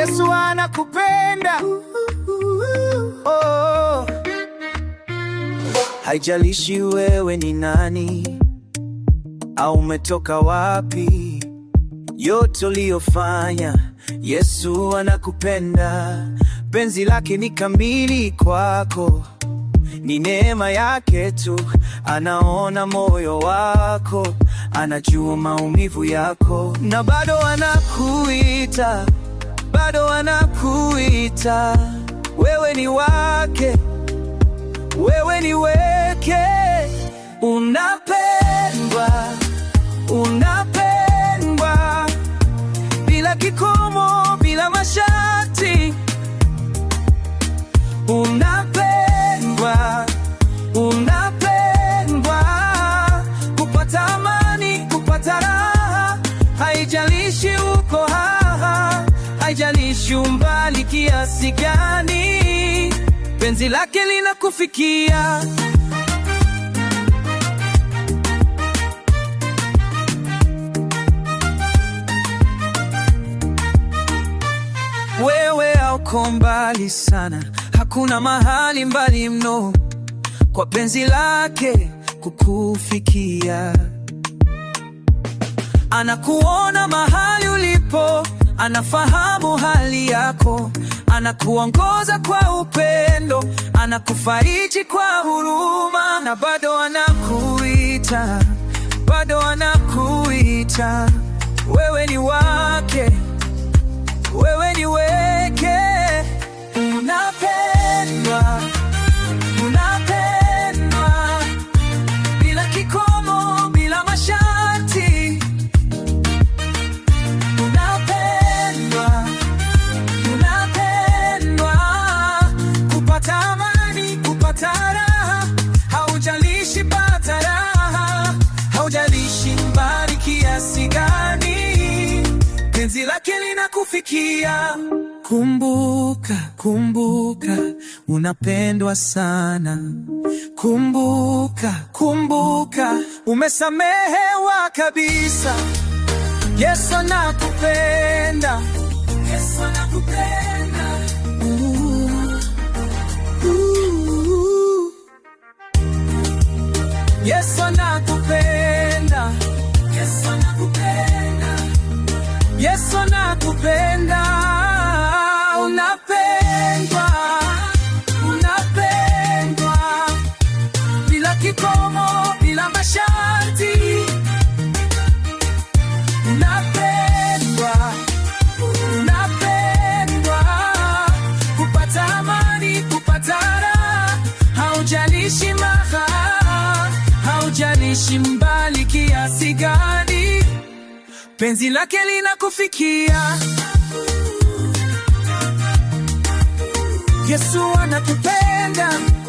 Yesu anakupenda oh. Haijalishi wewe ni nani au umetoka wapi, yote uliyofanya, Yesu anakupenda. Penzi lake ni kamili kwako, ni neema yake tu. Anaona moyo wako, anajua maumivu yako, na bado anakuita kupita. Wewe ni wake, wewe ni weke unape umbali kiasi gani penzi lake linakufikia? Wewe auko mbali sana, hakuna mahali mbali mno kwa penzi lake kukufikia. Anakuona mahali ulipo anafahamu hali yako, anakuongoza kwa upendo, anakufariji kwa huruma, na bado anakuita, bado anakuita, wewe ni wake, wewe ni wewe lake linakufikia. Kumbuka, kumbuka unapendwa sana. Kumbuka, kumbuka umesamehewa kabisa. Yesu anakupenda, Yesu anakupenda. Haijalishi mbali kiasi gani, penzi lake linakufikia. Yesu anakupenda.